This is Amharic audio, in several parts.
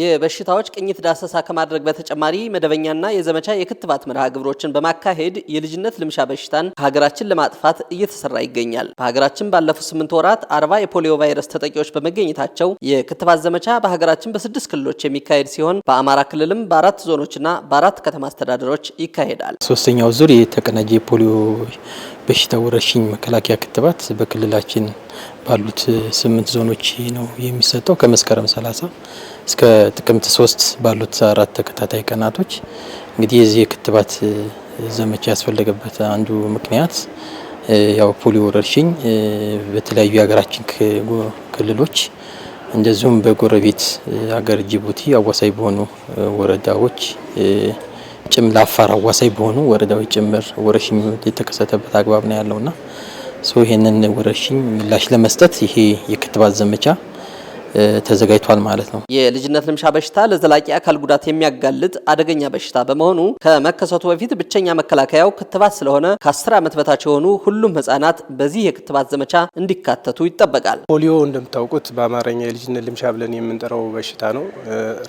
የበሽታዎች ቅኝት ዳሰሳ ከማድረግ በተጨማሪ መደበኛና የዘመቻ የክትባት መርሃ ግብሮችን በማካሄድ የልጅነት ልምሻ በሽታን ከሀገራችን ለማጥፋት እየተሰራ ይገኛል። በሀገራችን ባለፉት ስምንት ወራት አርባ የፖሊዮ ቫይረስ ተጠቂዎች በመገኘታቸው የክትባት ዘመቻ በሀገራችን በስድስት ክልሎች የሚካሄድ ሲሆን በአማራ ክልልም በአራት ዞኖችና በአራት ከተማ አስተዳደሮች ይካሄዳል። ሶስተኛው ዙር የተቀናጀ የፖሊዮ በሽታ ወረርሽኝ መከላከያ ክትባት በክልላችን ባሉት ስምንት ዞኖች ነው የሚሰጠው። ከመስከረም 30 እስከ ጥቅምት 3 ባሉት አራት ተከታታይ ቀናቶች እንግዲህ የዚህ የክትባት ዘመቻ ያስፈለገበት አንዱ ምክንያት ያው ፖሊዮ ወረርሽኝ በተለያዩ የሀገራችን ክልሎች እንደዚሁም በጎረቤት ሀገር ጅቡቲ አዋሳኝ በሆኑ ወረዳዎች ጭም ለአፋር አዋሳኝ በሆኑ ወረዳዎች ጭምር ወረርሽኝ የተከሰተበት አግባብ ነው ያለውና ይሄንን ወረርሽኝ ምላሽ ለመስጠት ይሄ የክትባት ዘመቻ ተዘጋጅቷል ማለት ነው። የልጅነት ልምሻ በሽታ ለዘላቂ አካል ጉዳት የሚያጋልጥ አደገኛ በሽታ በመሆኑ ከመከሰቱ በፊት ብቸኛ መከላከያው ክትባት ስለሆነ ከ10 ዓመት በታች የሆኑ ሁሉም ህጻናት በዚህ የክትባት ዘመቻ እንዲካተቱ ይጠበቃል። ፖሊዮ እንደምታውቁት በአማርኛ የልጅነት ልምሻ ብለን የምንጠራው በሽታ ነው።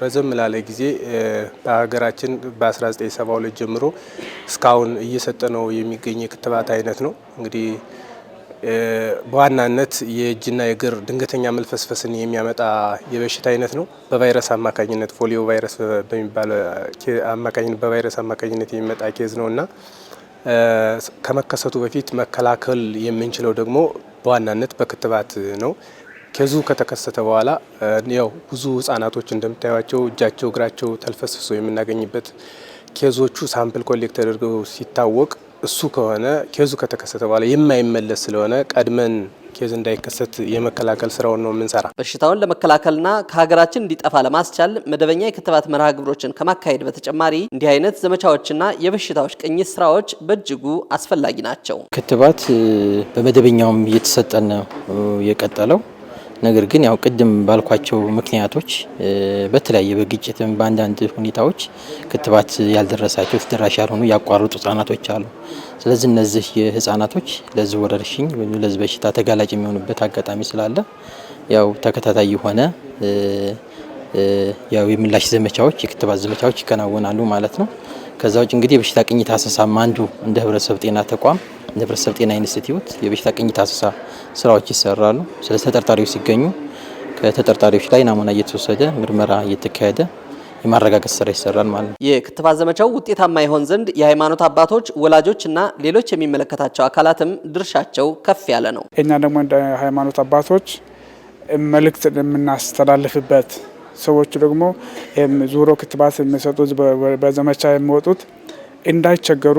ረዘም ላለ ጊዜ በሀገራችን በ1972 ጀምሮ እስካሁን እየሰጠ ነው የሚገኝ የክትባት አይነት ነው እንግዲህ በዋናነት የእጅና የእግር ድንገተኛ መልፈስፈስን የሚያመጣ የበሽታ አይነት ነው። በቫይረስ አማካኝነት ፖሊዮ ቫይረስ በሚባል አማካኝነት በቫይረስ አማካኝነት የሚመጣ ኬዝ ነው እና ከመከሰቱ በፊት መከላከል የምንችለው ደግሞ በዋናነት በክትባት ነው። ኬዙ ከተከሰተ በኋላ ያው ብዙ ህጻናቶች እንደምታዩቸው እጃቸው እግራቸው ተልፈስፍሶ የምናገኝበት ኬዞቹ ሳምፕል ኮሌክት ተደርገው ሲታወቅ እሱ ከሆነ ኬዙ ከተከሰተ በኋላ የማይመለስ ስለሆነ ቀድመን ኬዝ እንዳይከሰት የመከላከል ስራውን ነው የምንሰራ። በሽታውን ለመከላከልና ከሀገራችን እንዲጠፋ ለማስቻል መደበኛ የክትባት መርሃ ግብሮችን ከማካሄድ በተጨማሪ እንዲህ አይነት ዘመቻዎችና የበሽታዎች ቅኝት ስራዎች በእጅጉ አስፈላጊ ናቸው። ክትባት በመደበኛውም እየተሰጠን ነው የቀጠለው። ነገር ግን ያው ቅድም ባልኳቸው ምክንያቶች በተለያየ በግጭትም በአንዳንድ ሁኔታዎች ክትባት ያልደረሳቸው ተደራሽ ያልሆኑ ያቋረጡ ህጻናቶች አሉ። ስለዚህ እነዚህ ህጻናቶች ለዚህ ወረርሽኝ ወይም ለዚህ በሽታ ተጋላጭ የሚሆኑበት አጋጣሚ ስላለ ያው ተከታታይ የሆነ ያው የምላሽ ዘመቻዎች የክትባት ዘመቻዎች ይከናወናሉ ማለት ነው። ከዛ ውጭ እንግዲህ የበሽታ ቅኝት አሰሳም አንዱ እንደ ህብረተሰብ ጤና ተቋም የህብረተሰብ ጤና ኢንስቲትዩት የበሽታ ቅኝት አሰሳ ስራዎች ይሰራሉ። ስለ ተጠርጣሪዎች ሲገኙ ከተጠርጣሪዎች ላይ ናሙና እየተወሰደ ምርመራ እየተካሄደ የማረጋገጥ ስራ ይሰራል ማለት ነው። የክትባት ዘመቻው ውጤታማ ይሆን ዘንድ የሃይማኖት አባቶች፣ ወላጆችና ሌሎች የሚመለከታቸው አካላትም ድርሻቸው ከፍ ያለ ነው። እኛ ደግሞ እንደ ሃይማኖት አባቶች መልእክት የምናስተላልፍበት ሰዎቹ ደግሞ ዙሮ ክትባት የሚሰጡት በዘመቻ የሚወጡት እንዳይቸገሩ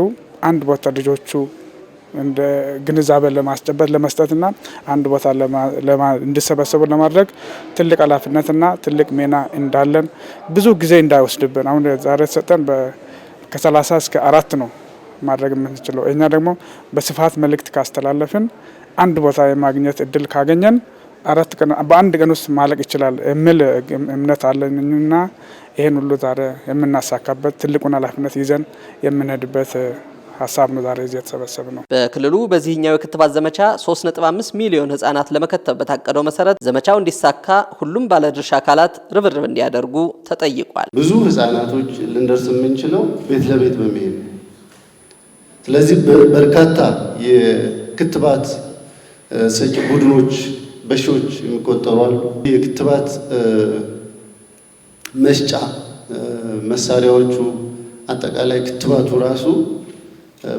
አንድ ቦታ ልጆቹ እንደ ግንዛቤ ለማስጨበጥ ለመስጠትና አንድ ቦታ እንዲሰበሰቡ ለማድረግ ትልቅ ኃላፊነትና ትልቅ ሚና እንዳለን ብዙ ጊዜ እንዳይወስድብን አሁን ዛሬ ተሰጠን ከሰላሳ እስከ አራት ነው ማድረግ የምንችለው። እኛ ደግሞ በስፋት መልእክት ካስተላለፍን አንድ ቦታ የማግኘት እድል ካገኘን አራት ቀን በአንድ ቀን ውስጥ ማለቅ ይችላል የሚል እምነት አለንና ይህን ሁሉ ዛሬ የምናሳካበት ትልቁን ኃላፊነት ይዘን የምንሄድበት ሀሳብ ነው ዛሬ እዚህ የተሰበሰብ ነው። በክልሉ በዚህኛው የክትባት ዘመቻ 3.5 ሚሊዮን ህጻናት ለመከተብ በታቀደው መሰረት ዘመቻው እንዲሳካ ሁሉም ባለድርሻ አካላት ርብርብ እንዲያደርጉ ተጠይቋል። ብዙ ህጻናቶች ልንደርስ የምንችለው ቤት ለቤት በመሄድ ስለዚህ በርካታ የክትባት ሰጪ ቡድኖች በሺዎች የሚቆጠሩ አሉ። የክትባት መስጫ መሳሪያዎቹ አጠቃላይ ክትባቱ ራሱ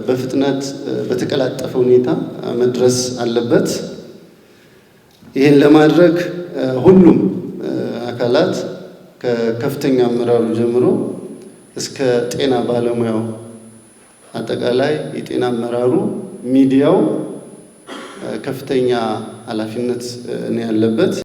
በፍጥነት በተቀላጠፈ ሁኔታ መድረስ አለበት። ይህን ለማድረግ ሁሉም አካላት ከከፍተኛ አመራሩ ጀምሮ እስከ ጤና ባለሙያው፣ አጠቃላይ የጤና አመራሩ፣ ሚዲያው ከፍተኛ ኃላፊነት ነው ያለበት።